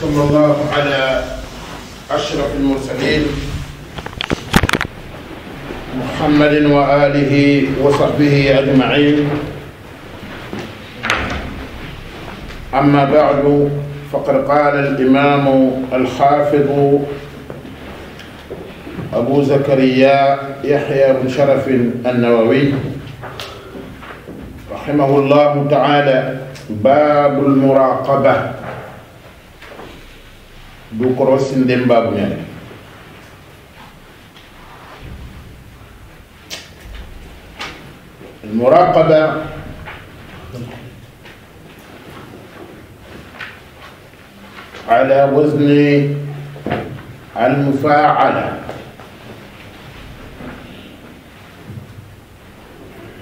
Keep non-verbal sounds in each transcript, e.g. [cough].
صلى الله على أشرف المرسلين محمد وآله وصحبه أجمعين أما بعد فقد قال الإمام الحافظ أبو زكريا يحيى بن شرف النووي رحمه الله تعالى باب المراقبه du korosinden babuñane المراقبة على وزن المفاعلة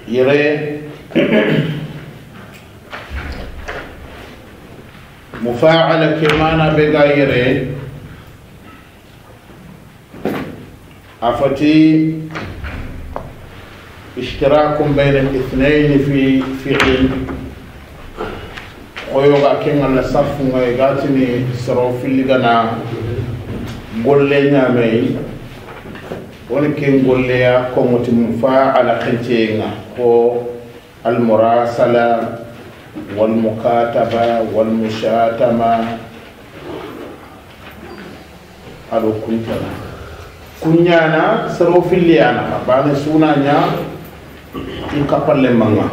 يري mufaala ke mana be ga yere a fati ishtirakum beyne ithnaini fi fiqin oyoga kengala safungoy gatini soro filligana golle ñamey woni ke golleya kongoti mufaala xencenga ko almorasala والمكاتبة والمشاتمة ألو كنت كنيانا سمو في الليانا بان سونانيا يكفل لمنا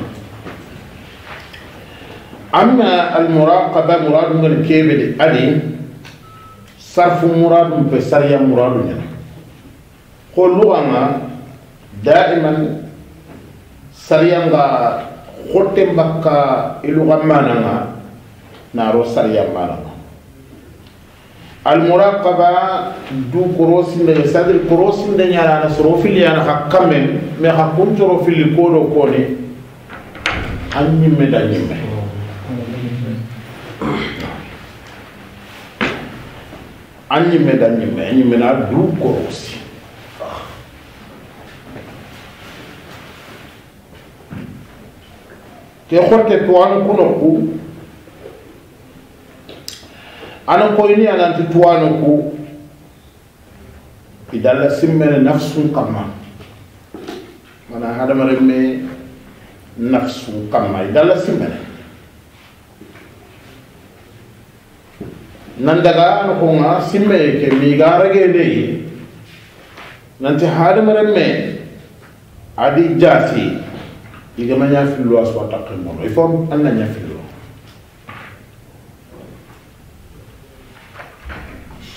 أما المراقبة مراد من الكيبل أدي صرف مراد في سريا مراد ينا قل أنا دائما سريا hotten bakka ilugan mananga naro sariyan mananga almuraqaba du korosinde sadiri korosinde ñanana soro filiyana xa kammen mais xa kuncoro fili kodo kone an ñimme da ñimme an ñimme da ñimme a ñimmena du korosi ke xotte tuwanu kuno ku ana koyni ananti tuwanu ku idalla simmene nafsun kamma mana hadamaren me nafsun kamma idalla simmene nan daga ana konga simmeye ke migaregedeyi nanti hadamaren me adi jasi iga ma ñafillu a suwa taqe mono il faut an na ñafillo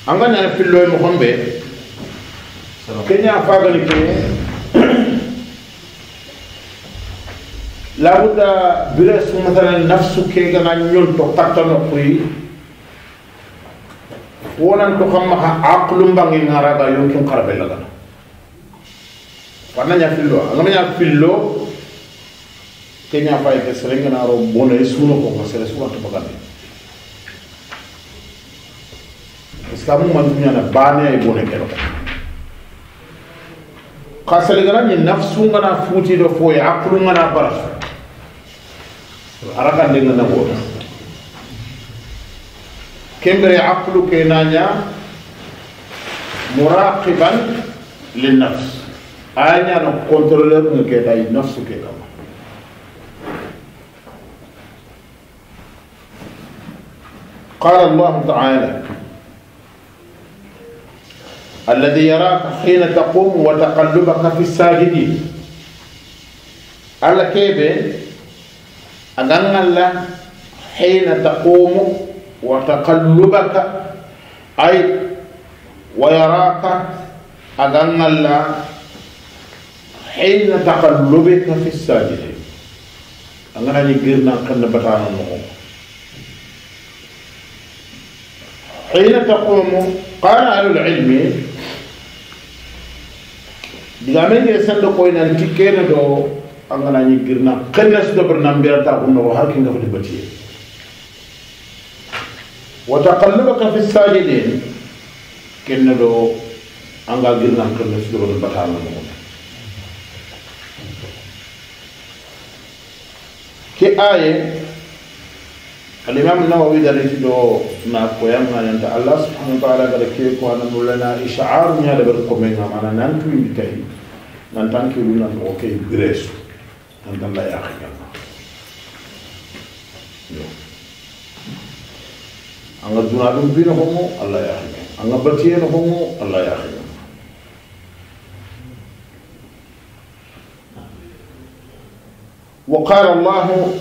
an ga ñana filloy moxon be kenya ña fagani ke labuda bire su matala nafsu ke gana ñol to kattano kuy wonan to xam maxa aqlu mbangi ngaraga yo kin xarabe lagana warna ñafillo a nga ma ñafillo kenya fay ke serengana ro bone e suno ko ko sere suno to islamu man dunya na bane ay bone kero ka serengana ni nafsu ngana futi do fo ya aklu ngana bara araka de ngana ko kembere akru ke nanya muraqiban lin nafs anya no controller ngeke dai nafsu ke kam قال الله تعالى الذي يراك حين تقوم وتقلبك في الساجدين على كيف أغنى الله حين تقوم وتقلبك أي ويراك أغنى الله حين تقلبك في الساجدين أغنى يجرنا قلبتان النقوم حين تقوم قال أهل العلم digamen ye da koy nan ti kene do angana ni girna kenna su dabar nan bira ta kunno har kin ga fudi batiye wa taqallubaka fi sajidin kenna do anga girna kenna su dabar batala mo ke aye الإمام النووي ده نجلو ناكو أن أنت الله سبحانه وتعالى قال كيف وأنا نقول لنا إشعار من هذا بالقوم بالقمينا معنا ننكو يمتهي ننتنكو لنا نوكي بريسو ننت الله يأخي الله أنا دون أدم فينا هم الله يأخي أنا بطيين هم الله يأخي وقال الله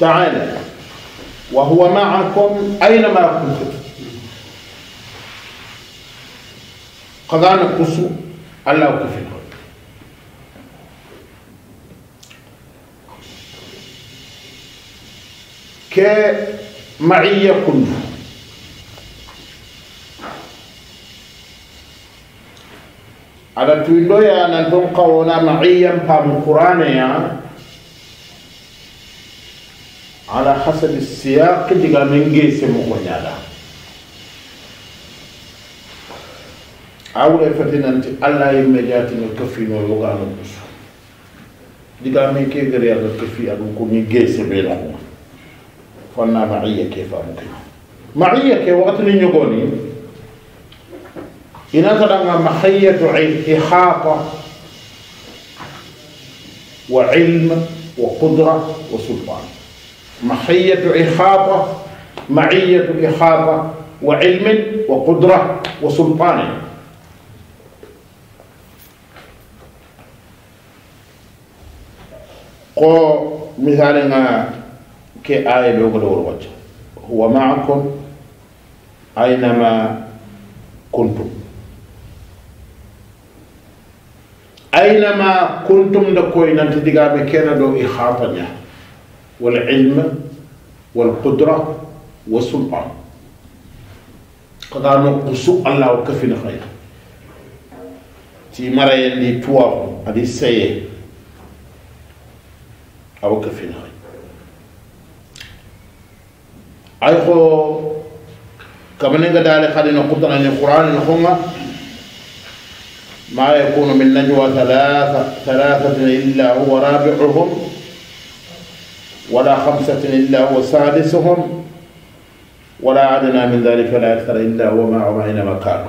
تعالى وهو معكم أينما كنتم قضانا قصو على وقف كمعية كمعي كنا على تويدويا أنا دون قونا معيا بام قرانيا على حسب السياق كده قام ينجيس مخويا لا أول فتنة أنت الله يمجاتي نكفي نوغا نبص دي قام ينكي غري على الكفي أبو كوني جيس بيلهم فنا معي كيف أمكن معي كيف وقت نيجوني إن أتلقى محية إحاطة وعلم وقدرة وسلطان محية إخاطة معية إخاطة وعلم وقدرة وسلطان قو مثالنا كي آية الوجه هو معكم أينما كنتم أينما كنتم دكوين أنت دقابي كينا دو إخاطة نحن والعلم والقدرة والسلطان قضاء نقصو الله وكفنا خير تي مرأي اللي توار هذه السيئة أو كفنا خير أيخو كما نقول على خلينا قدرنا أن القرآن نخونا ما يكون من نجوى ثلاثة ثلاثة إلا هو رابعهم ولا خمسة إلا هو سادسهم ولا أدنى من ذلك لا أكثر إلا هو معهم أينما كانوا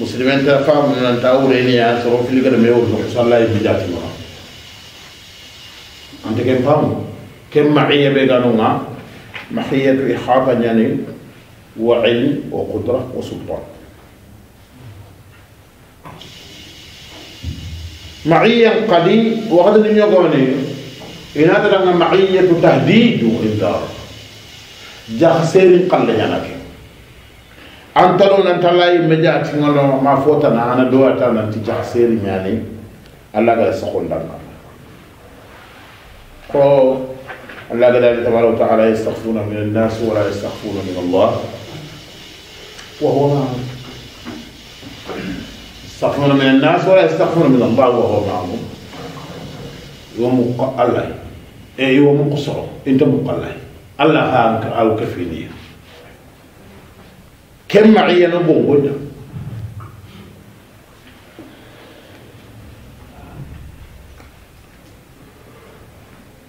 مسلمين تفهم من أن تأوريني أن سرو في ما يوضح صلى الله بجاتي ما أنت كم فهم كم معية بيقانونا محية إحاطة يعني وعلم وقدرة وسلطان معية معيا وغدا وقد نيغوني إن هذا لنا معية تهديد وإنذار جاخسير قل جانك أنت لو أنت لا يمجأ تنولو ما فوتنا أنا دوات أنا أنت جاخسير يعني الله قال سخون لنا الله قال تبارك وتعالى يستخفون من الناس ولا يستخفون من الله وهو معهم يستخفون من الناس ولا يستخفون من الله وهو معهم يوم الله اي يوم قصره انت مقلع الله هانك او كفيني كم معي نبوة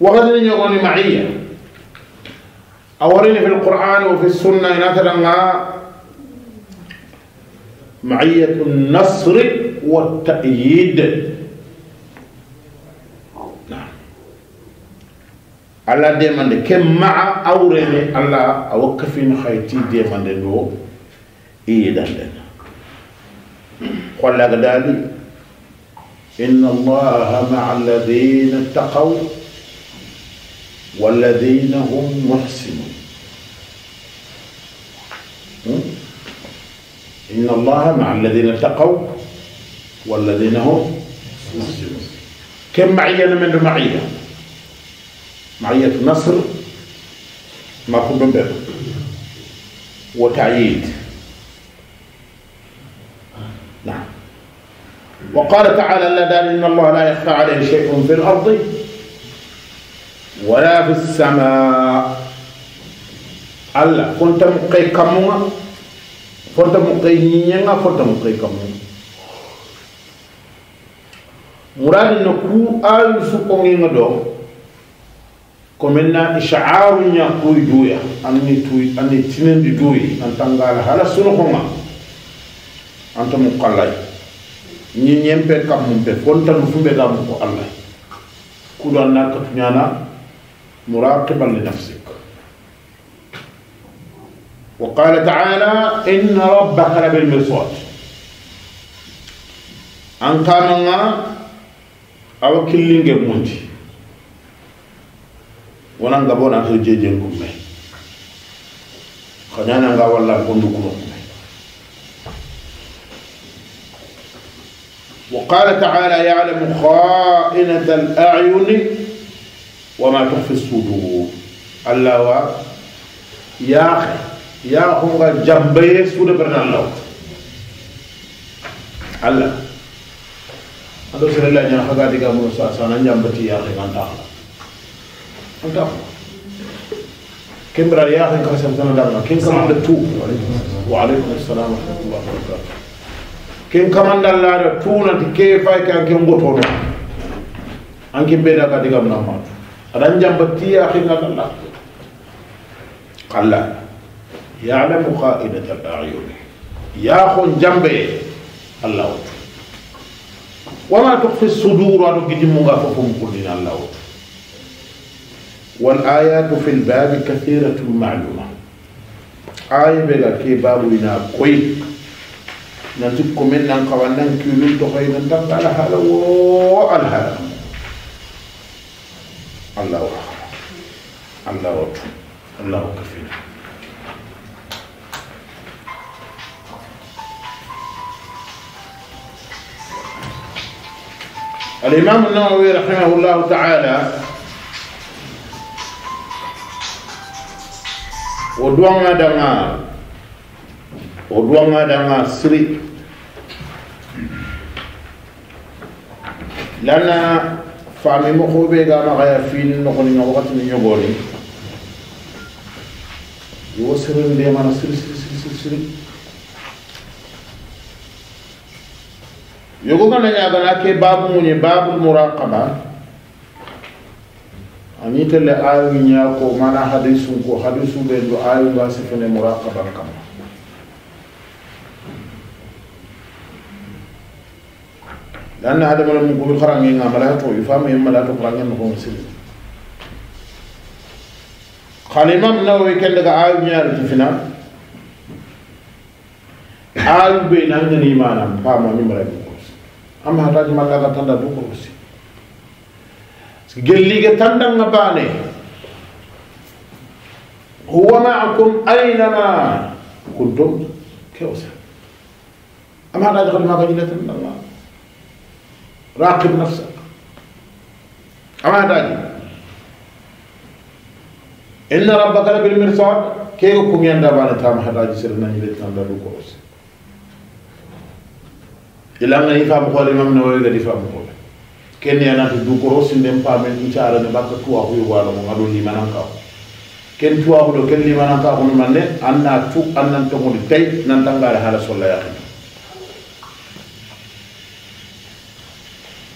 وغدا يغني معي أوريني في القرآن وفي السنة مثلا معية النصر والتأييد نعم. الله ديمان دي كم مع أوريني الله أوكفين خيتي ديمان دي إيدا لنا دينا قال إن الله مع الذين اتقوا والذين هم محسنون إن الله مع الذين اتقوا والذين هم مسلمون كم معية من المعية معية نصر ما كنا به وتعييد نعم وقال تعالى لدى إن الله لا يخفى عليه شيء في الأرض ولا في السماء ألا كنت مقيقمون fota mukai nyinga fota mukai kamu muradi no ku al su kongi ngado komenna ishaaru nya kuy duya anni tuy anni tinen di duyi antangala hala sunu konga anta mukallai ni nyempe kamu be fonta mu fumbe gamu ko allah kudan nakatunyana muraqibal li nafsik وقال تعالى إن ربك لبالمرصاد أن كان أو كلين جمونتي ونان غابون أخي جيجين كمي خنانا غا والله كندو كمي وقال تعالى يعلم خائنة الأعين وما تخفي الصدور الله يا أخي yaxunga jambeye suuda barnallaw alla ando serela ña xaga diga mo sa sana njambati yaxe kan taxla an taxla ken mbira yaxe ka sam sana danga ken kamanda tu wa alaykum assalam wa rahmatullah wa barakatuh ken kamanda laada tuunati ke fay ke anke ngotono anke mbeda ka diga mna matu adan jambati yaxe ngata la alla يعلم خائنة الأعين خن جنبه الله وتو وما تخفي الصدور أنو كتم غففهم كلنا الله والآيات في الباب كثيرة معلومة آية بلا كي بابنا كوي نتبكم من نقوانا كيلو تخينا تبقى لها لو الهلا الله الله الله كفينا alimamu nawawi rahimahullahu taala o duwaŋadaŋa o duwaŋadaŋa siri lanna famimo xoɓe ga maxaya fini noxoniŋa waxati ni ñogoni iwo sirindemana siri siri siri siri siri يقول كنا نعبنا كي باب موني باب المراقبة أن تل آل آية مينياكو مانا حديثون كو حديثون بين دو آل آية باسفن مراقبة كما لأن هذا ملا مقوم بخرانجي نعملها تو يفهم يما لا تقرانجي نقوم سيدي قال الإمام النووي كان لك آل آية مينيار تفنا آل بينا من الإيمان فاما من مرابين am hataji malla ga tanda du kurusi gellige tanda nga bane huwa ma'akum aynama kuntum kewsa am hataji qad ma qadila tanda Allah raqib nafsak am hataji inna rabbaka labil mirsad kego kumyanda bane tam hataji sirna ile tanda du kurusi ilanga ni fam ko le mam no le di fam ko ken ya na du ko rosin dem pamen ni cara ne bakka tuwa ko yo wala mo ngado ni manan ka ken tuwa ko ken li manan ka ko man ne anna tu annan to ngol tay nan tangara hala solla ya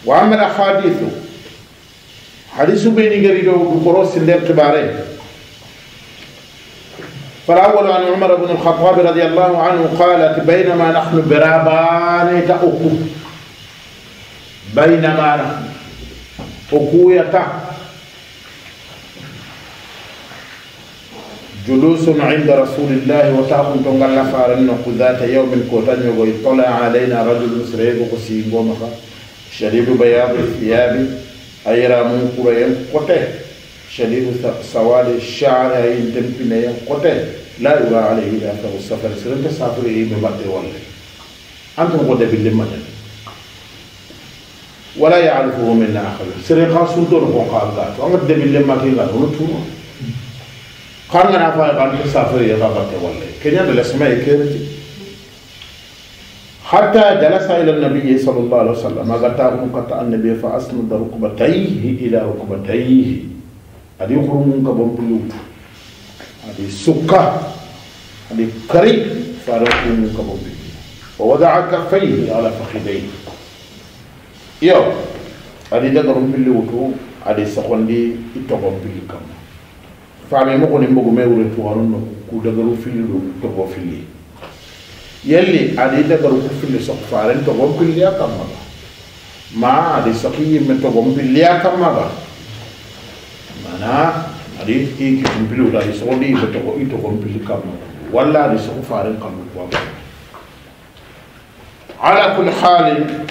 wa amara hadithu hadithu be ni gari do ko rosin dem tibare فالأول عن عمر بن الخطاب رضي الله عنه قالت بينما نحن برابان تأكو بينما نحن أكو يتا جلوس عند رسول الله وتأكو تنقل فارن ذات يوم الكوتان يطلع علينا رجل سريب قسيب ومخا شريب بياض الثياب أيرا منكر قتل شديد سوال الشعر ينتمي قتل لا يرى عليه إلا أنت السفر سرنت سافر إيه من بعد والله أنت قد بالله ولا يعرفه من آخر سرين قال سلطان قال قال قال وقد بالله كي قال ونطور قال أنا فاي قال سافر إيه من بعد بمبتة كن يعني الأسماء كيرت حتى جلس إلى النبي صلى الله عليه وسلم أغتاه قطع النبي فأسند ركبتيه إلى ركبتيه أدي يخرج من قبل هذه السكة هذه قريب فارق من كبوبه ووضع كفيه على فخذيه يو هذه دقر من اللي وكو هذه سخون دي اتقوم به كم فعلي مقن مقو ميوري توارن كو دقر في اللي تقو في اللي يلي هذه دقر في اللي سخ فارن تقوم كليا كم ما هذه سخي من تقوم كليا كم مانا adi i ki kumpilu la i sogo li be togo i togo mpili kamma walla adi sogo faren kamma kuwa ala kulli halin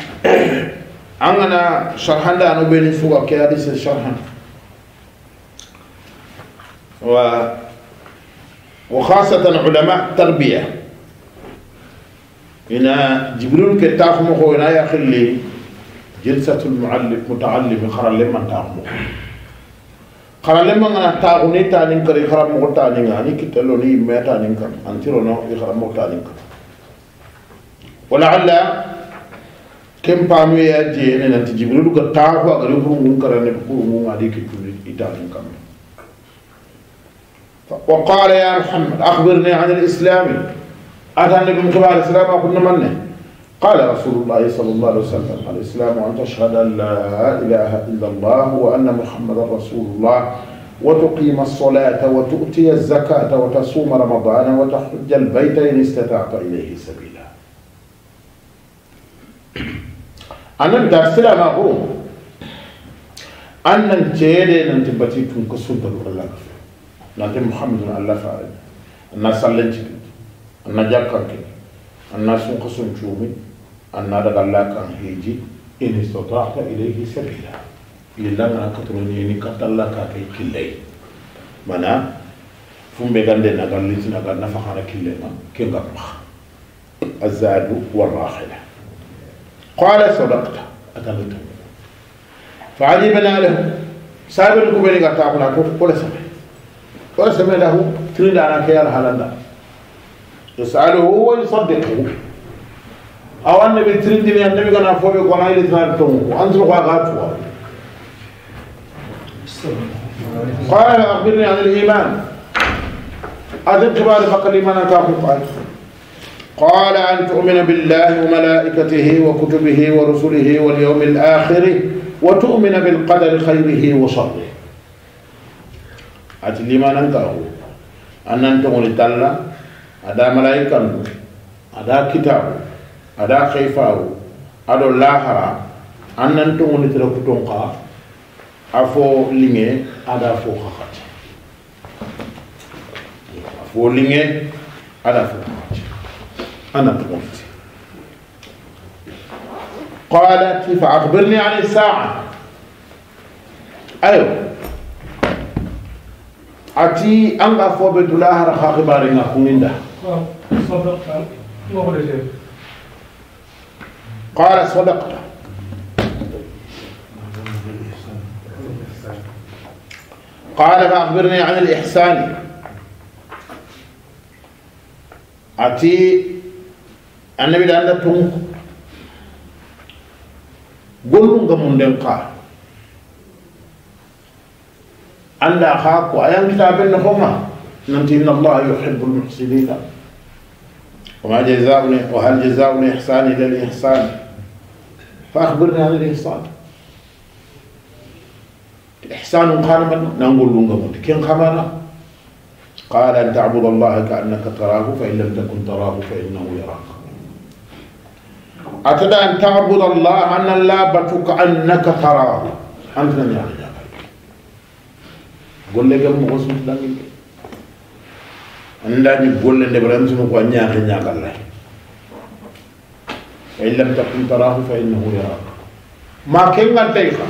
an gana sharhan da anu beni fuga ke hadisi sharhan و وخاصة علماء التربية إن جبريل كتاخمه هنا يخلي جلسة المعلم متعلم خرا لمن تاخمه xaralema ngana taxune tanin kar i xaramoxo taninga ani kitteloni yimmea tanin kan antirono i xaramoxo tanin kan walaalla ken paanuye a jeyene nanti jibrilu ga taaxu agari xurungun karane xurungun adi kittuni i tanin kan وقال يا محمد أخبرني عن الإسلام أتى النبي من قبل الإسلام أخبرنا منه قال رسول الله صلى الله عليه وسلم الإسلام أن تشهد أن لا إله إلا الله وأن محمدا رسول الله وتقيم الصلاة وتؤتي الزكاة وتصوم رمضان وتحج البيت إن استطعت إليه سبيلا أنا da sila ma ko annan cede nan tibbati tun ko sunta do Allah ka nan te muhammadun allah fa na أنا سون قسم جومي أنا رب الله كان هيجي إن استطعت إليه سبيلا إلا أنا كتروني إني كت الله كاكي كلي منا فم بعند نعال ليس نعال نفخنا كلي ما كن غرخ الزاد والراحلة قال صدقت أتلت فعلي بن عليه سابر كوبري قطع بلاكو كل سنة كل سنة له تريد أنا كيال هالنا يسأله ويصدقه أو أن بترد من النبي كان فوق كنا إلى ثالثه أنزل قاعدته قال أخبرني عن الإيمان أدب بعد فقد إيمان كافر قال أن تؤمن بالله وملائكته وكتبه ورسله واليوم الآخر وتؤمن بالقدر خيره وشره أتي ما أنك أن أنت تقول ada malaikandu ada kitabu ada khayfawu ado lahara an nan tongoni tara kutonka a fo liŋe ada fo hakati a fo liŋe ada fo hakati ana togoniti qalat fa akhbirni an isaa ayo ati an ga fo be dulahara hakibarenga kuninda صدقت قال صدقت قال فأخبرني عن الإحسان أتي النبي لأن تنك قلوا من دنقا أن أخاك وأيام كتاب النخمة ننتي إن الله يحب المحسنين وما جزاء وهل جزاء الإحسان إلا الإحسان فأخبرنا عن الإحسان الإحسان قال من نقول لهم كين خمانا قال أن تعبد الله كأنك تراه فإن لم تكن تراه فإنه يراك أتدى أن تعبد الله أن لا بتك أنك تراه أنت نعم قل لي قبل مغسل andañi golle nde bara misumu ko a ñaaxe ñaaxallahi fa in lam takun tarahu fa innahu yarak ma ke ngantay xa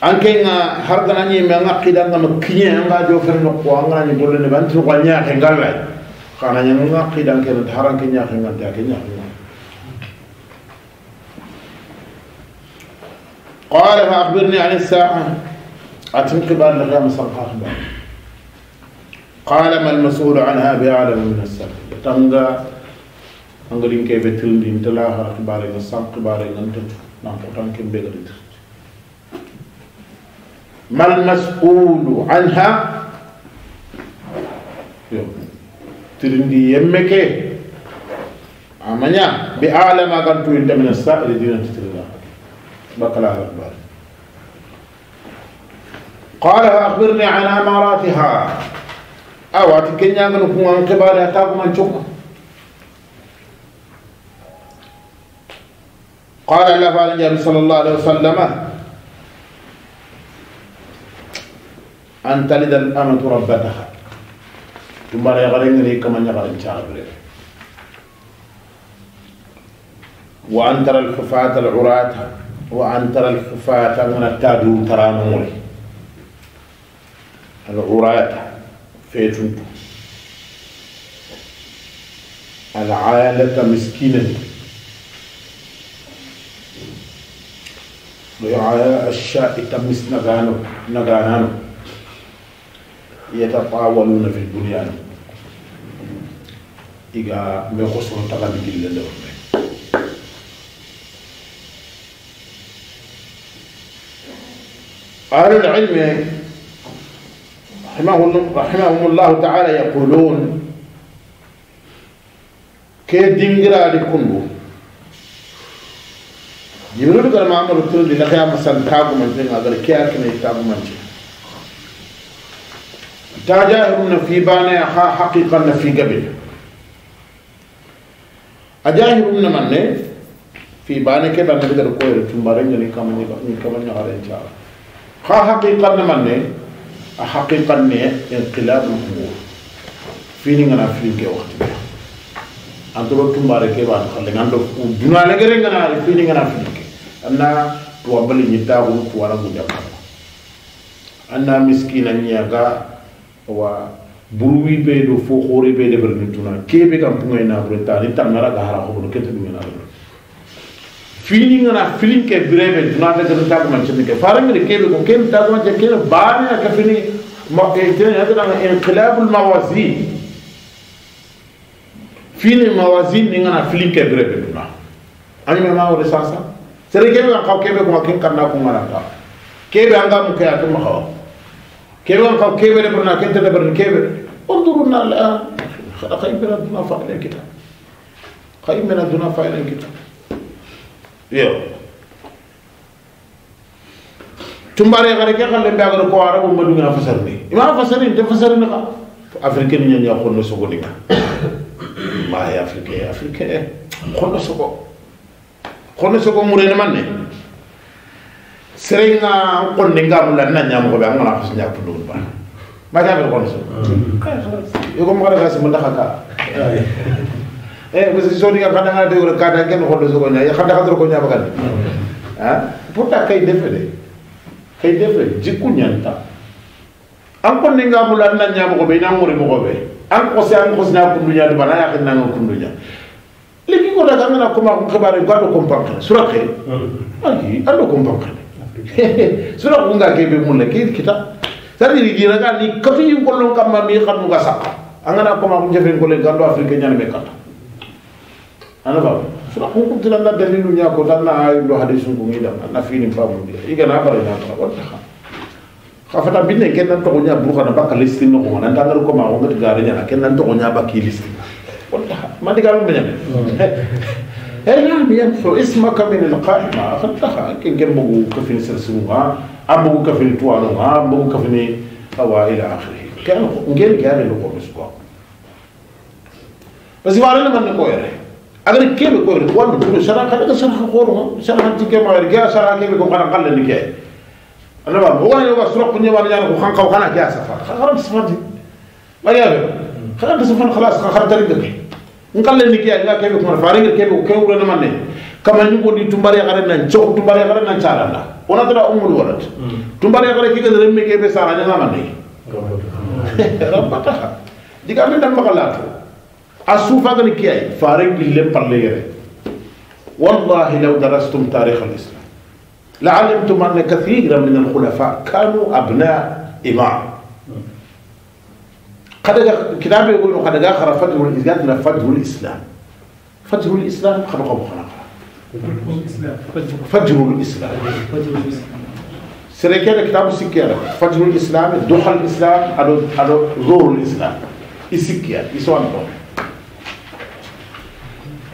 anke nga har gana ñeme anga qidangano kiñe anga jofere no ko anganañi golle nde bantino ko a ñaaxe ngallahi xana ñanga qidankenata haranke ñaaxe ngante ake ñaaxe ngante قال فأخبرني عن الساعة أتم قبال لغام صنقا أخبار قال ما المسؤول عنها بأعلم من السائل تنغا أنغلين كي بتل دين تلاها كبارين السام كبارين أنت نامتان كم بيغريت ما المسؤول عنها ترندي يمك أمانيا بأعلم أن انت من السائل دين تتلاها بقلا أخبار قالها أخبرني عن أماراتها awa tu kenya ngano kunga nkebare ataku manchoka قال لا فعل النبي صلى الله عليه وسلم أن تلد الأمة ربتها ثم لا يغرين لي كما يغرين شعبره وأن ترى الحفاة العراة وأن ترى الحفاة من التابعون ترى العراة feetu العالة مسكينة ضيعاء الشاء تمس نغانو نغانانو يتطاولون في البنيان إذا مخصو تغامي جلل لهم أهل العلم رحمهم, رحمهم الله تعالى يقولون كي دينغرا دي كوندو جبريل قال ما امر تردي نخيا مثلا كاغو من دين اگر كي اكن يتابو من جي تاجاهم في بانا ها حقيقه في قبل اجاهم من من في بانا كده نقدر كوير تمبارين ني كمان ني كمان ني ها حقيقه من a haqiqan ne inqilabul umur fini ngana fini ke wakti be antoro tumbare ke baatu khalle ngando ku duna um, le gere ngana ari fini ngana fini ke anna to abali nyita ko um, ko wala ko jabba anna miskina nyaga wa buruwi be do fo khore be de berne tuna kebe kam pungay na bretani ni nara ga ko do ketu ngana feeling na feeling ke birebe na ta ta ta man chini ke faram ne ke ko ke ta ta ke ke ba ne ka fini ma ke te ne ta inqilab al mawazin fini mawazin ni na feeling ke birebe na ani ma ma wala sa sa sere ke ba ka ke be ko ke kan na ko ngara ta ke be anga mu ke atu ma ha ke ba ka ke be ne na ke te ne ne ke be انظروا الان خير من الدنيا فعل الكتاب خير من الدنيا فعل الكتاب iyo tumbare xare ke xalle mbagano ko ara bo madungena fasarni ima fasarni te fasarni xa africain ñaña xonno sogoninga maye africain africain xonno sogo xonno sogo murene man ne serenga qonne ngamu lan na ñam ko be ngala xos ñap ndul ba ma ta be xonno sogo yogo mo xara gas mo ndaxa ka eh mesti soni ga kadanga de wala kadanga ken hodo so gonya ya khanda khadro ko apa kan hmm. ha pota kay defede kay defede jikku nyanta an ko mulan nanya mau ko be na ngori mo be an ko se an ko sna bana ya khina ngo kundunya, nya liki ko daga ngana ko ma ko khabare ko do sura kay ali ando sura ko nga kita tadi di gira kan ni kafi ko lon kam ma mi khanu ga sakka angana ko ma ko jefen ko le gando afrika nyane mereka ana ba sura ko ko tilan da dalilu nya ko na ay do hadisun ko ngida na fini babu dia iga na bare na ta wata ka fata binne ken nan to nya bu kana bakka listin ko nan tan ko ma ngati gare nya ken nan to nya bakki listin wata ma diga lu nya هل ينفو اسمك من القائمة خدتها كن كن بقو كفن سرسوها أم بقو كفن توانوها أم بقو كفن أو إلى آخره كان نجيل كان لقوم سبوا بس agari kebe ko ri wal ko sara kala ka sara ko ro sara ti ke ma ri ga sara kebe ko kana kala ni ke ana ba bo wani wa sura ko ni wani ko khan ka kana ke safa kharam sifati mari ya kharam sifan khalas kharam tari ke in kala ni ke ga kebe ko fari ke kebe ko ke wuro na manne kama ni ko di tumbare gare nan cho tumbare gare nan chala na ona tara umul warat tumbare gare ke gare me ke be sara na manne rabbata diga me dan makalatu الصوفة قال لك فارق بالله بالله والله لو درستم تاريخ الإسلام لعلمتم أن كثيرا من الخلفاء كانوا أبناء إمام قد كتاب يقول قد داخل فتح الإسلام فتح الإسلام فجر الإسلام خلق أبو خلق فتح الإسلام سريكير كتاب سكير فجر الإسلام دخل الإسلام على ظهور الإسلام السكيرة إسوان دخل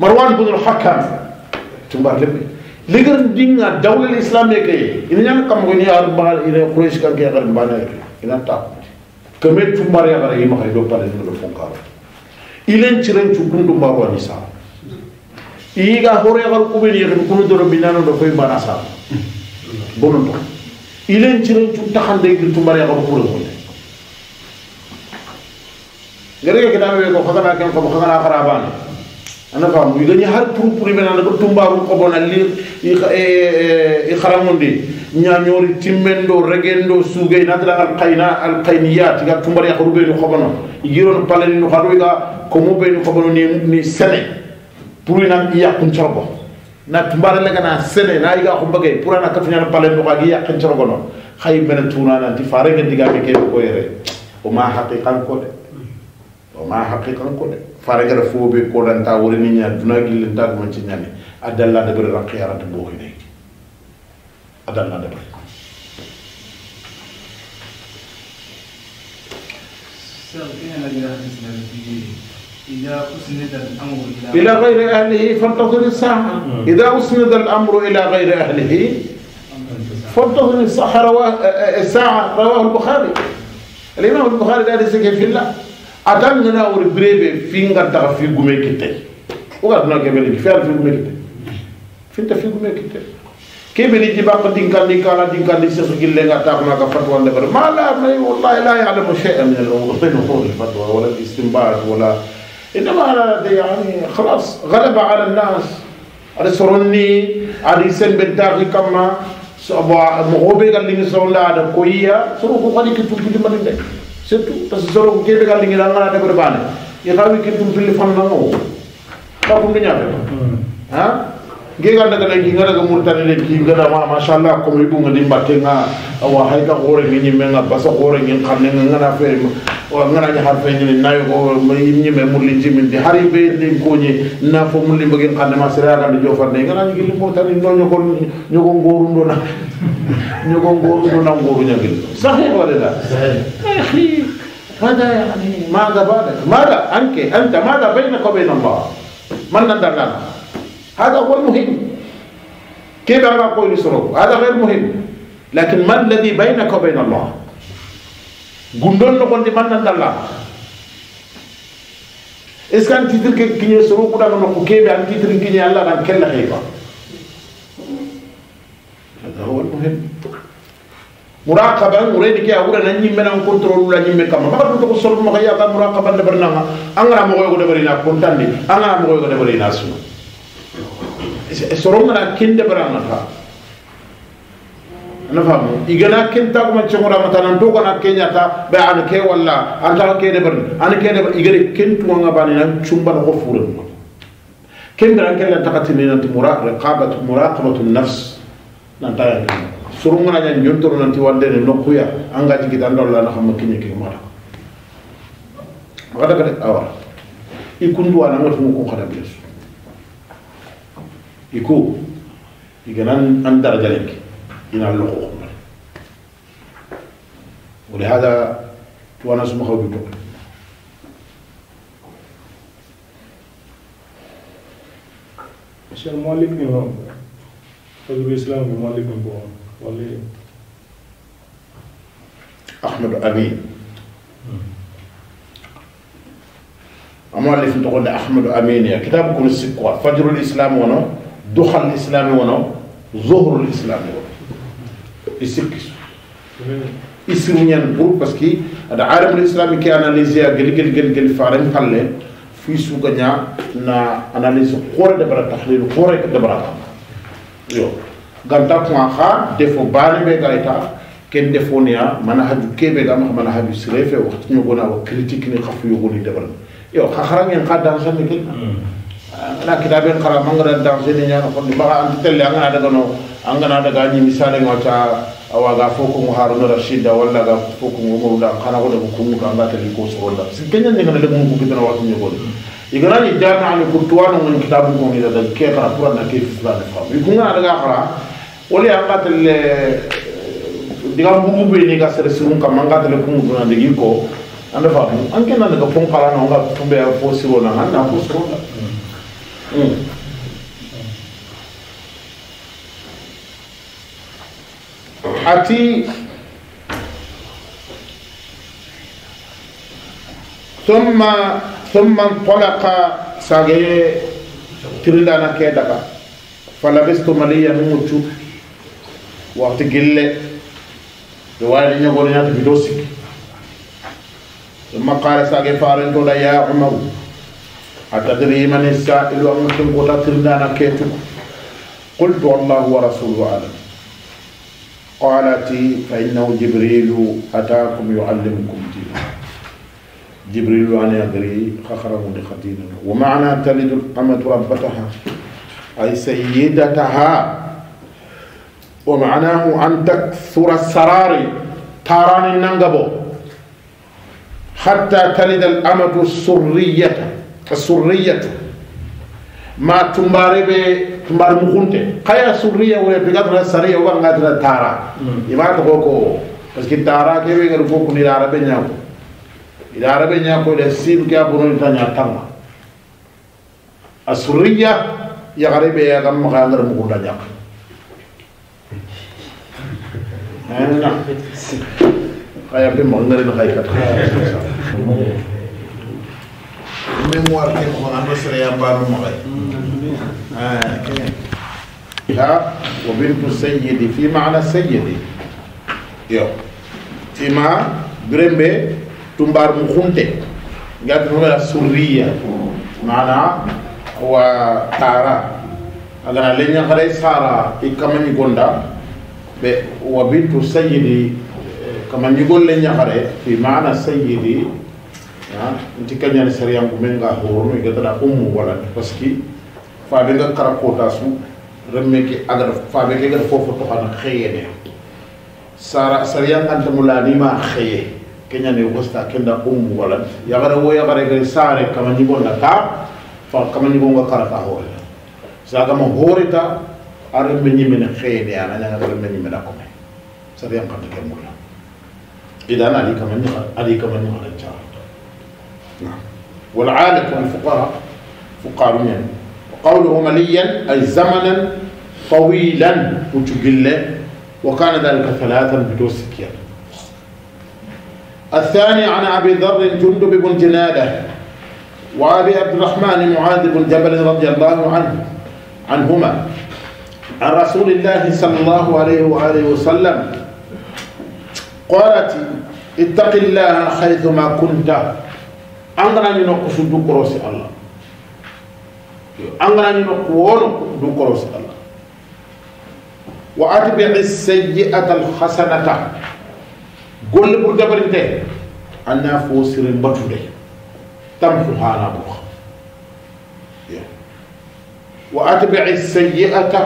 marwan bin al-hakam tumbar lepe ligar dinga dawla islam ya ke ini nyam kam ko ni ar bahal ire quraish kan ke agar bana ina ta kemet tumbar ya agar ima do pare do fonkar ilen chiren chukun do marwan isa iga hore agar kubeni yakin kunu do binano do koy bana sa bonon to ilen chiren chuk takhande gir tumbar ya agar kuro gere ke dame ko khagana ken ko khagana kharabana ana faamu igani har pour pour men ana ko tumbaru ko bona li e kharamundi ñañori timmendo regendo sugay nadra al qayna al qayniyat ga tumbar ya khurbe no khobono igiron palani no khadu ga ko mo be no khobono ni ni sene pour ina ya kun charbo na tumbar le kana sene na iga ko bagay pour ana ka fina palani no ga ya kun charbo no khay men tuna na ti farege diga be ke ko yere o ma haqiqan ko de o ma haqiqan ko de ko wori duna ta adalla adalla إلى غير أهله فانتظر الساعة إذا أسند الأمر إلى غير أهله فانتظر آه، آه، الساعة رواه البخاري الإمام البخاري قال في الله atan nana wori birebe finga daga fi gume kite uga duna kebeli fer fi gume kite finta fi gume kite kebeli jiba ko dinkal ni kala dinkal ni sesu gille nga taqna ka fatwa ndabar ma la may wallahi la ya'lamu shay'an min al-umur khurur al-fatwa wala al-istinbat wala انما انا يعني خلاص غلب على الناس على سرني على سن بنتاخي كما مغوبي قال لي سرون لا هذا كويا سرو كو خليك تقول لي ما setu parce zoro ke ko kebe kal na ko ya xawi ke dum fili fan na ngo ba ko ngi ñaan ha ngi ga daga ngi ngara ga murtani le ki ngara ma ma sha Allah ko mi bu ngi mbatte nga wa hay ka gore ngi nyi me nga basa gore ngi xamne nga ngara ma wa na ja har fe ngi nay ko mi nyi me ci min di hari be ni ko nyi na fo mulli mbagi xamne ma sira ga do jofar ne na ngi li murtani no nyoko nyoko ngoru ndona نيكون غورو نان غورو صحيح ولا لا صحيح يا اخي هذا يعني ماذا بالك ماذا انت انت ماذا بينك وبين الله من ندرنا هذا هو المهم كيف انا اقول سرو هذا غير مهم لكن ما الذي بينك وبين الله غندون نكون من ندرنا اسكان تيتر كي سرو كدا نكو كيف ان يعني تيتر كي الله نكل خيبه wonno hen muraqaban uredi ke awura nan nyimme nan control la nyimme kam ma ko ko sol mo ya ka muraqaban de barnanga angara mo ko de barina ko tande angara mo ko de barina su sorom na kinde baranga ta na famu igana kenta ko ma chongora mata nan to kana kenya ta be an ke walla an ta ke de barni an ke de igere kentu nga bani nan chumba ko furu kendan kella takatini nan muraqabatu muraqabatu nafs nanta ya ni surungana nya nyontoro nanti wande ne nokuya anga jigi danda la na xamma kinya ke mara wada kada awa ikundu ana ngat mu ko xada bes iku iganan an daraja lenki ina loxo ولهذا وانا اسمه خوي الشيخ مالك نظام حزب الإسلام واللي بنقول واللي أحمد أمين أما اللي فنتقول أحمد أمين يا كتاب كل السكوة فجر الإسلام ونو دخل الإسلام ونو ظهر الإسلام ونو يسكسو يسرنيان بور باسكي هذا عالم الإسلامي كي أناليزيا قل قل قل قل فارن فالي في سوق نا أناليز قورة دبرة تحليل قورة دبرة yo ganta kuŋa ha defo baane be gaita ken defo defoneya mana haju keɓe ga mana haju sire fe waxti ñogona wa critique ni xa fu yogoni deɓan yo xa xarangen xa dansane ke ana kitaben xara mangana dansene ñana fonni maxa anti an angana dagano angana daga ñimisanenga ta awaga fo kongo haruna da walla ga mu mu da xana ko daga kunguka anga teli ko so wala ngana soronda mu keñanñegana bitana kitana waxti ñogoni igana ni jata ni kutuano ngi kitabu ko ni da ke ka qur'an na ke fisra da fa ko ngana daga qara wala yaqat al diga bugu be ni ga sere sirun ka manga tele ko ngi na digi ko anda fa mu an kenan daga fon qara na ngi tumbe ya fo siro na han na ko so ati ثم ثم انطلق ساغي ترلانا كيدغا فلبست مليا نموتو وقت قلة دواري نيغور نيات بدوسك ثم قال ساغي فارنتو يا عمر أتدري من السائل أمتم قطع ترلانا كيتو قلت الله ورسوله أعلم قالت فإنه جبريل أتاكم يعلمكم جبريل أن يغري خخره لخدينا ومعنى تلد الأمة ربتها أي سيدتها ومعناه أن تكثر السرار تاران النغبو حتى تلد الأمة السرية السرية ما تمباري بي تمبار مخونتي قيا سرية ولا بقدر السرية وقدر تارا يبقى تقولكو بس كي تارا كيف يقولكو كوكو نيرا ربي ila arabe nya ko de sim kya bunu ta nya tanga asuriya ya kan, garibe nah, nah. ah, ya gam ma mu da nya na kaya be mo na kay kat memoir ke ya ah وبنت في معنى يو تيما برمبي tumbar mu khunte ngat no la surriya mana wa tara agana nya xare sara ikamani gonda be wa bintu sayyidi eh, kamani gol nya xare fi mana sayyidi ya ntikanya ni sariya ngumenga horo da ummu wala paski fa be nga karakota su remme ki agar fa be ga fofu to khana sara sariya antamulani ma xeyene kenya ne hosta kenda um wala ya yagara wo gara gari sare kama ni bonda ka fa kama ni bonga kara ka hore zaga kama hore ta are men ni men khede ana na ngara men ni men ko me sabi am kan ke mulla idan ali kama ni ali kama ni ala cha والعالق والفقراء فقراء من وقوله مليا اي زمنا طويلا وتجله وكان ذلك ثلاثا بدون سكين الثاني عن أبي ذر جندب بن جنادة وأبي عبد الرحمن معاذ بن جبل رضي الله عنه عنهما عن رسول الله صلى الله عليه وآله وسلم قالت اتق الله حيثما كنت امرا نقص دكروس الله امرا نقول دكروس الله وأتبع السيئة الحسنة golle ɓur dabarinte anna fo sirin batude tamhu hana buka wa atbi'i sayyi'ata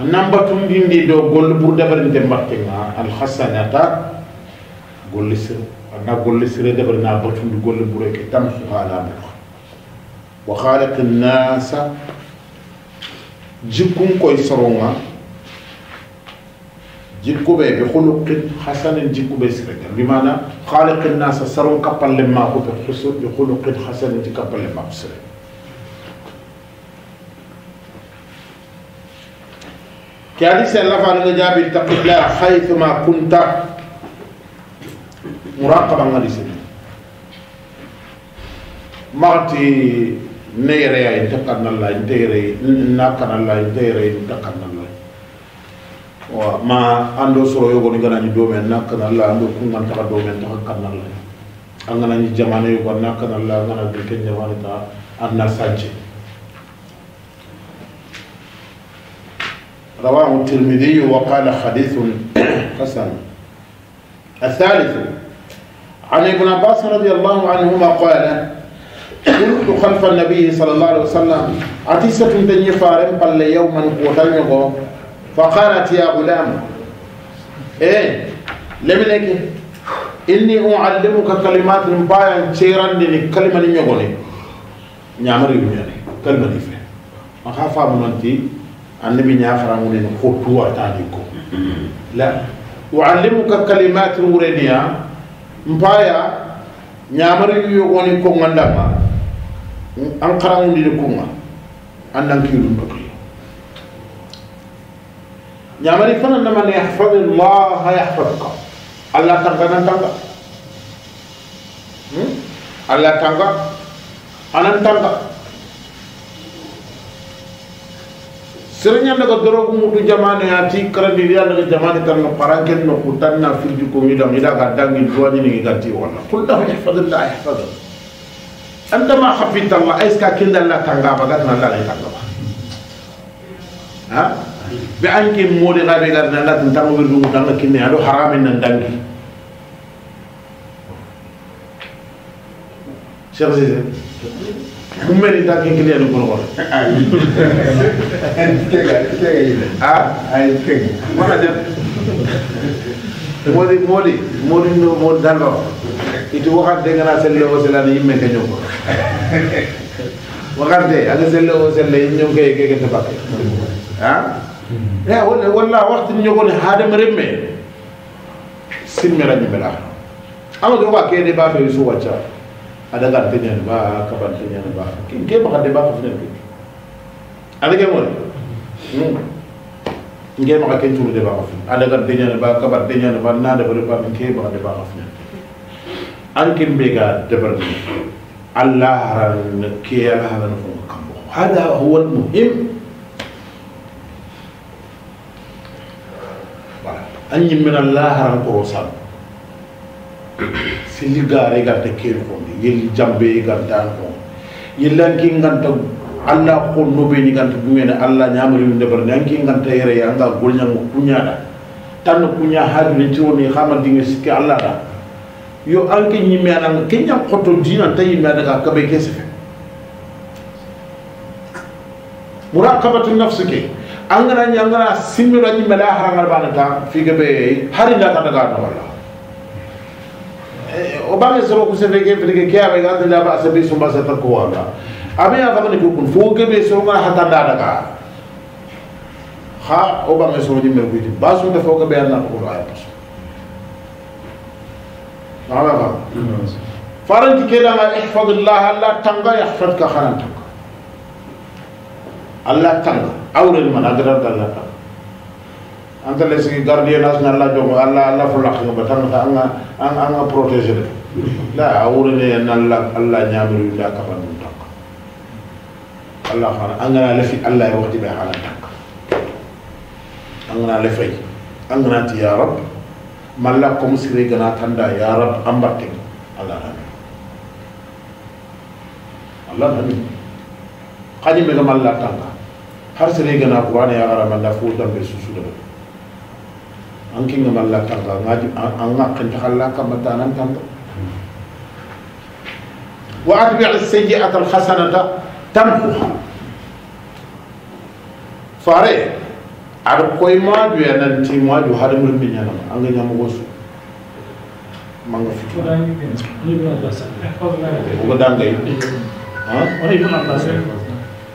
annan batun dindi do golle ɓur dabarinte mbattenga alhasanata golle sir anna golle sire dabarina batundi golle ɓureke tamhu hana buka wa halaqi nnasa jikkun koye soronga جيكو بي بخلق حسن جيكو بي بمعنى خالق الناس سروا كبل لما هو بخسر بخلق حسن جي لما هو سرقا كالي سألف عن الجاب اتق الله حيثما كنت مراقبا غادي سرقا مغتي نيري انتقلنا الله انتيري الله انتيري الله wa ma ando soro yogo ni ganani do men nak na la ando ku ngan ta do men ta kan na la an ngana ni jamane yogo nak na la ngana bi ken jamane ta an na sanje رواه الترمذي وقال حديث حسن الثالث عن ابن عباس رضي الله عنهما قال كنت خلف النبي صلى الله عليه وسلم عتيسة تنفارن بل يوما قوتنغو فقالت يا غلام ايه لمنك إني أعلمك كلمات مبايا تيرا للكلمة نيغوني نعمر يبنياني كلمة نيفه يعني، أخاف أمنتي أنبي نعفر أمنين خطوة تانيكو لا أعلمك كلمات مورينيا مبايا نعمر يغوني كونغان لما أنقرأ أمنين كونغان أنن كيرون بكري ñamari fana namane yahfadillaha yahfadka allah tanga nan tanga allah tanga anan tanga sereñandaga dorogu mutu jamane ati karandiriyanaga jamane tan no paranken no ku tan na firji komidam idaga dangi duwañinigi ganti walla qul lahu yahfadillah yahfadah antama habbitalla est ce que a kindalla tangaba gatana allah lay tangaba ha بأن كم مودي غادي غادي نالا تنتمو بيرجو مودانا كني هذا حرام إن ندعي شو زيد هم اللي تاكل كني هذا كل غور أنت كذا أنت كذا ما مودي مودي مودي مود دارو itu wakar deh karena selalu selalu ini mekanyo kok wakar deh ada selalu selalu ini juga yang kita pakai ah e walla walla wartin ñogoni haadema remme simmela ñimela amadou wa kede ba fe su wacca ada gar tenyan ba kaban tenyan ba kin ke ba de ba ko fene ke ada ke mo nge ma ke tulu de ba ko fene ada gar tenyan ba kaban tenyan ba na de ba ke ba de ba ko fene an kin be ga de bar ni allah ran ke allah ran ko kambo hada huwa al muhim anyi mena laharan koro san sili gare ganta keri kondi yelli jambe ganta an kon yellanki ganta alla no beni ganta dungene alla ñamariwinde barani anki ganta yereye anga kunya kuñaɗa tan kuña haadune tiwoni hama dinge sikki alla ɗa yo anke ñimme koto ke ñan xotto dinanta ga aɗaga kaɓe ke murakaba muraqabatu nafse ke angana nyangana simmiro nyi mala bana ta fike be hari na ta ga no wala o bangi soro ku sebe ke fike ke abe ga dilla ba se be so ba se ta ko wala abe ya fa ni ko kun fo ke be so ma hata da daga ha o bangi so nyi me ku ba so da fo ke be na ko ra ala ba faranti ke da ma ihfadullah allah tanga yahfadka khanan tanga الله كان أول من أدرى الله كان أنت لسه قاردي ناس نالا جو الله الله فلخ يوم بتحمل أنا أنا أنا أنا بروتجر لا أول من نالا الله نعمل لا كفن متق الله خان أنا لفي الله وقت به على متق أنا لفي أنا نتي har sere gana ko ana ya gara malla fo dan be susu da an kin ga malla ka ga ngaji an ga kan ta halla ka mata nan tan wa atbi' as-sayyi'ata al-hasanata tamkuha fare ar koy ma du ya nan ti ma du har mun min yana an ga nyamu wasu manga fitu ko dan ga ibn abbas ha ibn abbas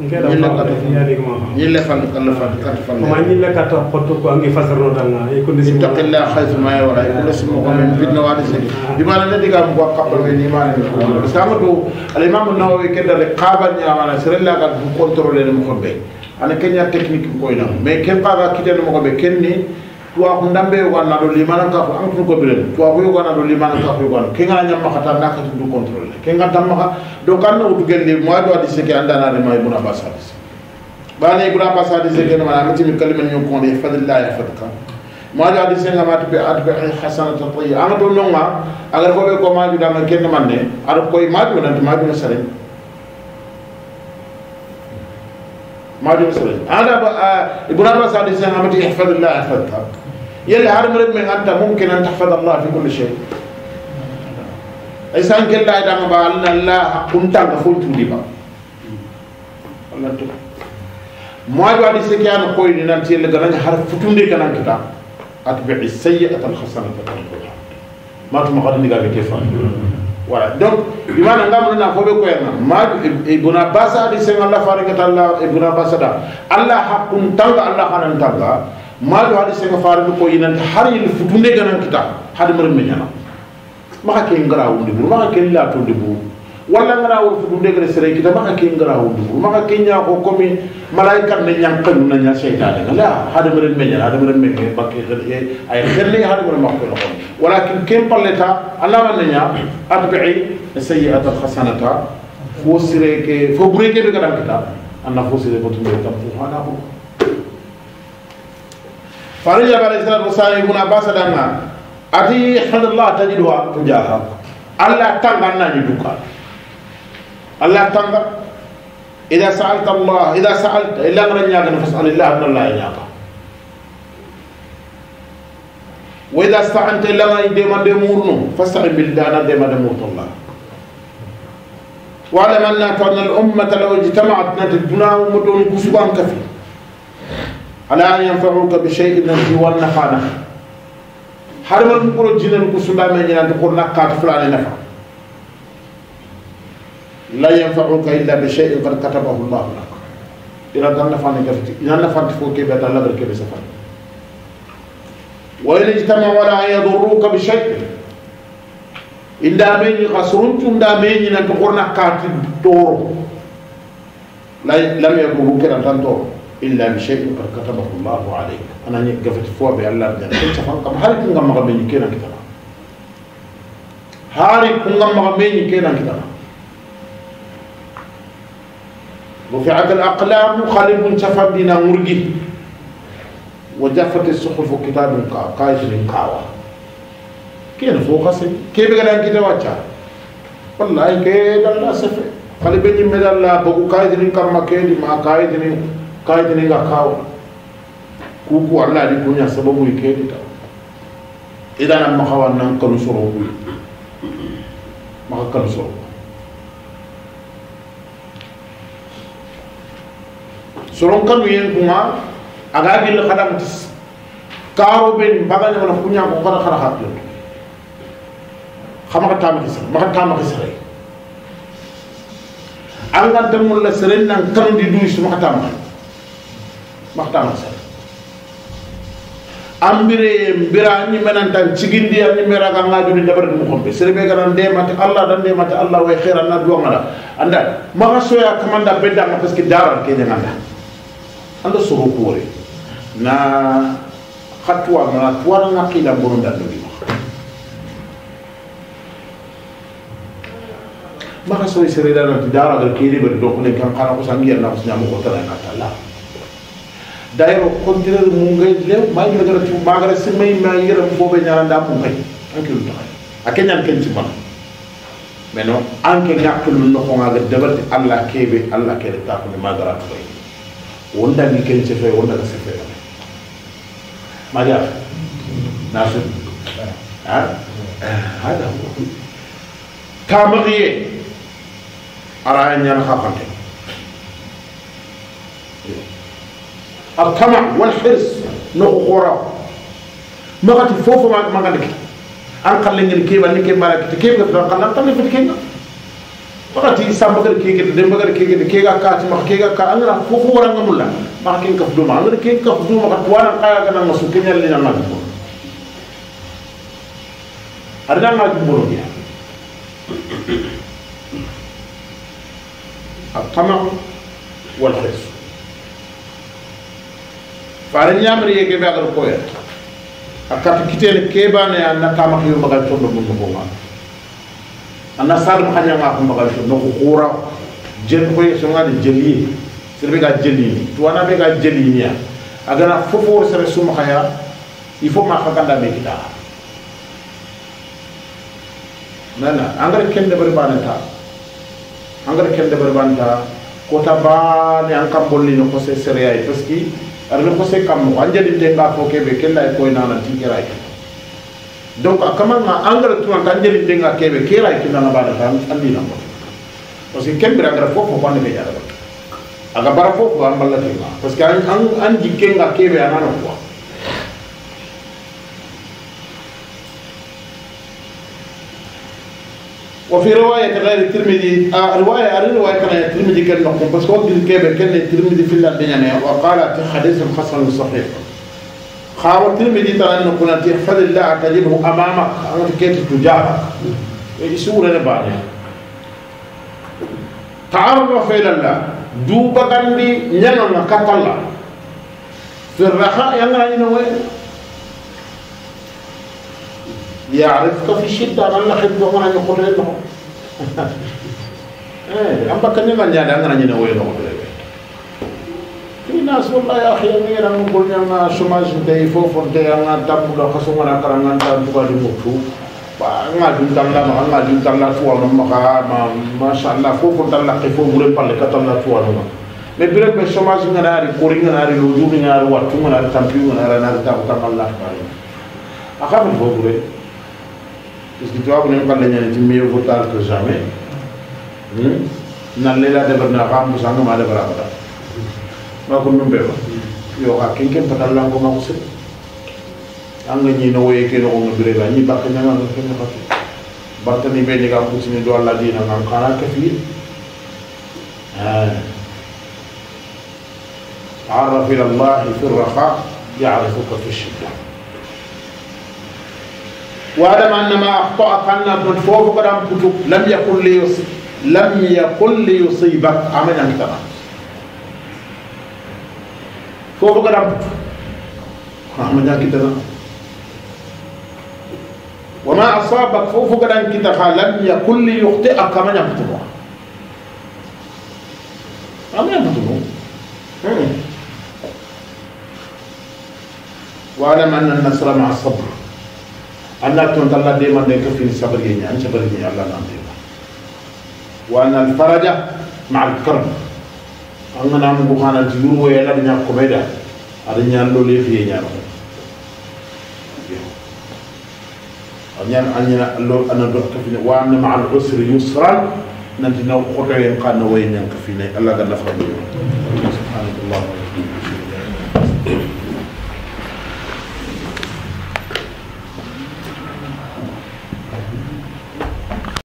ñille fandu allah fandu karta fandu ma ñille katta hotto ko angi fasarnotanga e kunde si ittaqillah haysuma e wala e kulle summa komin fitno waɗi sidi imane ne digam ko kaɓɓal men imane mi fo sama to alimamu nawawi keddale kaban ñamana serellagal fo contrôlé ne mo koɓɓe ana keña technique koyna mais ken paga kitene mo koɓe ken ni tuwaku ndambe na do limana kafu an tun ko bilen tuwaku yo na do limana kafu gon ke nga nyam makata na ka du kontrol ke nga tam makha do kan no du gelle mo do di se ke andana re may buna basadis ne buna basadis ke no mana miti mi kalima nyu ko ne fadillah ya fadka mo do di se ma tubi atbi al hasanatu tayyiba an do no ma agar ko be ko ma ju da man ken man ne ar ko ma ju na ma sare ما جم سوي أنا ب ابن عباس عليه السلام أمتي احفظ الله احفظك يلي هر مرد من أنت ممكن أن تحفظ الله في كل شيء إنسان كلا إذا ما بالنا الله كنت غفول تودي الله تو مواد وادي سكيان كوي نان تيل غنا هر فتوندي كان كتا أتبع السيئة الحسنة تلقاها ما تمغادني غادي كيفان voilà donc imana ngam na ko be ko yana ma ibn abbas ali sen allah farika talla ibn abbas da allah haqqun tanga allah hanan tanga ma do ali sen faru ko yinan har yil futunde ganan kita hadmar menyana maka ke ngara wundi maka ke la to de bu walla ngana wol fudu ndegre sere kita maka ke ngara wudu maka ke nya ko komi malaika ne nyang kan na nya setan ne la hada meren me hada meren me bakke khale ay khale hada meren makko no walakin kem palleta allah man nya atbi'i sayyi'at al hasanata fo sere ke fo bure ke be kadam kita anna fo sere ko tumbe tam subhanahu فرجع عليه الصلاة والسلام ابن عباس لنا أتي حمد الله تجدها تجاهك الله تنغنى جدوكا الله تنغا إذا سألت الله إذا سألت إلا من يناك فاسأل الله من الله يناك وإذا استعنت إلا من ديما ديمورنو فاستعن بالله أنا ديما ديمورت الله واعلم أنك أن الأمة لو اجتمعت نت الدنيا ومدون كسبان كفي على أن ينفعوك بشيء نجي والنفع نفع حرم القرى جنن كسبان من ينادي قرنا قاتفلان نفع لا ينفعك إلا بشيء قد كتبه الله لك إلا ان نفعني كفتي إلا نفعني فوق كيف يتعلى بركي بسفر وإن اجتمع ولا يضروك بشيء إلا مني غسرون تندا مني نتقرنا قاتل تورو لم يضروك ان نتنطور إلا بشيء قد كتبه الله عليك أنا قفت فوق بان لا بألا ان كنت فانقم هل كنت مغمني كينا كتنا هاري كنت مغمني كينا كتنا رفعت الأقلام قلب دينا مرقي وجفت الصحف كتاب قاجر قاوة كين فوق سي كيف قال كده واتشا والله كيد الله سفر قلب يمد الله بقو قاجر كما كيد ما قائد قاجر قاوة كوكو الله لكم كونيا سببو يكيد إذا لما خوانا نكن سرو ما كن سرو soron kan yen kuma aga bil khadam tis karo ben bagane wala kunya ko khara khara hatu khama ka tam kisa ma ka tam kisa re anga demul la seren nan kam di duis ma ka tam ma ka tam kisa ambire mbira ni tan cigindi am ni mera ga ngadu ni dabar mu xombe sere be garan de mate allah dan de mate allah way khairan na do ngala anda ma soya kamanda bedda parce que daral ke de ngala anda soro kuwari na khatuwa na tuwara na qila bonda nabi maka sori sere da nanti dara gar kiri bari do kone kan kana ko sangiya na ko nyamu ko tara na tala dairo kontire mu ngay lew ma ngi gar ti magara si may ma ngi ram bobe nyaara nda mu ngay anke lu taxay ake nyam ken ci man mais non anke nyakul no ko nga gar allah kebe allah kebe ta ko magara ko wanda Michael Chefe, wanda ka Chefe. Maria, Nasir, ha? Hada huwa. Tamagiye, aranya na hafante. الطمع والحرص نقورا ما غادي فوفو ما غادي انقل لي كيما اللي كيما كيما غادي تكيما غادي نقل لي في الكيما wakati samba kada keke da demba kada keke da kega ka ti maka kega ka angana ko orang waranga mulla maka ken ka fuduma angana ken ka fuduma ka tuwana kaya na masu kenya lina na ko arna na ko bolo ya الطمع والحرص فارن يامر يجي بغير كويت أكاد كتير كيبان يا نتامك يوم بغير تون بمن anda sar ma khanya ma ko mbagal no jen ko yeso jeli sirbe ga jeli to ana be ga jeli niya agana fofo sere suma khaya il faut ma be kita nana angar kende berbanta angar de berbanta kota baane an kam bolli no se sere ay parce que ar no kose kam mo de nga be ken kella ko koy na tigera ay donc a kamanga engrais tunanta anjeli ndenga kebe kera ikinanga bada ta andina mo parce que kembira agara fofo bande be yara aga bara fofo an balla tinga parce que an an jikenga kebe anano kwa وفي رواية غير الترمذي آه رواية رواية غير الترمذي كان نقوم بس هو كيف كان الترمذي في الله وقال في حديث حسن صحيح خاوة مدي ترى انه كنا في تحفظ الله تجده أمامك أنا كيف تجابك إيه سورة نبانيا تعرف فعل الله دوبا غاندي نيانا كاتالا في الرخاء يلا هنا وين يعرفك في شدة أنا خدمة ما يقول لهم [laughs] إيه أما كنّي ما نجاد أنا نيانا وين ina sulla ya khiyani ran ngulnya na somage de fo fo de anga dabu da kaso ngara karangan tan buka di mutu ba nga dun tan la ma nga dun tan la tuwa no ma ma ma san la fo fo tan la ke fo gure palle ka tam la tuwa no ma me bire be somage ngara ri kori ngara ri wudu ngara watu ngara tampi ngara na ta ko tan Allah ba aka mo fo gure Is di tuwa as voulu parler le ci di vaut tard que jamais hmm na lela de barna xam musanga ma de barabata ma ko numbe ba yo ka ken ken patal lang ko ma ko sir ang ni no way ke no no gre ba ni bakka na no ken ba ke bakka ni be ni ka ku ni do Allah dina ngam kara ke fi ah عرف إلى الله في الرخاء يعرفك في الشدة وعلم أن ما أخطأك أن من فوق لم يكن ليصيبك لم يكن ليصيبك عملا تمام foofu nga dam rahma ñaa kita na wa ma asabak foofu nga dan kita xa lam yakun li yuxti ak kama ñamtumo am ñamtumo واعلم ان النصر مع الصبر ان تنت الله دائما ديك في الصبر يعني صبر يعني الله نعم وانا الفرج مع الكرم an gana mugu hana ti yuru ya lam nya komeda ada nyan do le fiye nya anyan anyana allo ana do ka fini wa anna ma'al usri yusran nanti na ko to yen kan no wayen kan fini allah ga lafa ni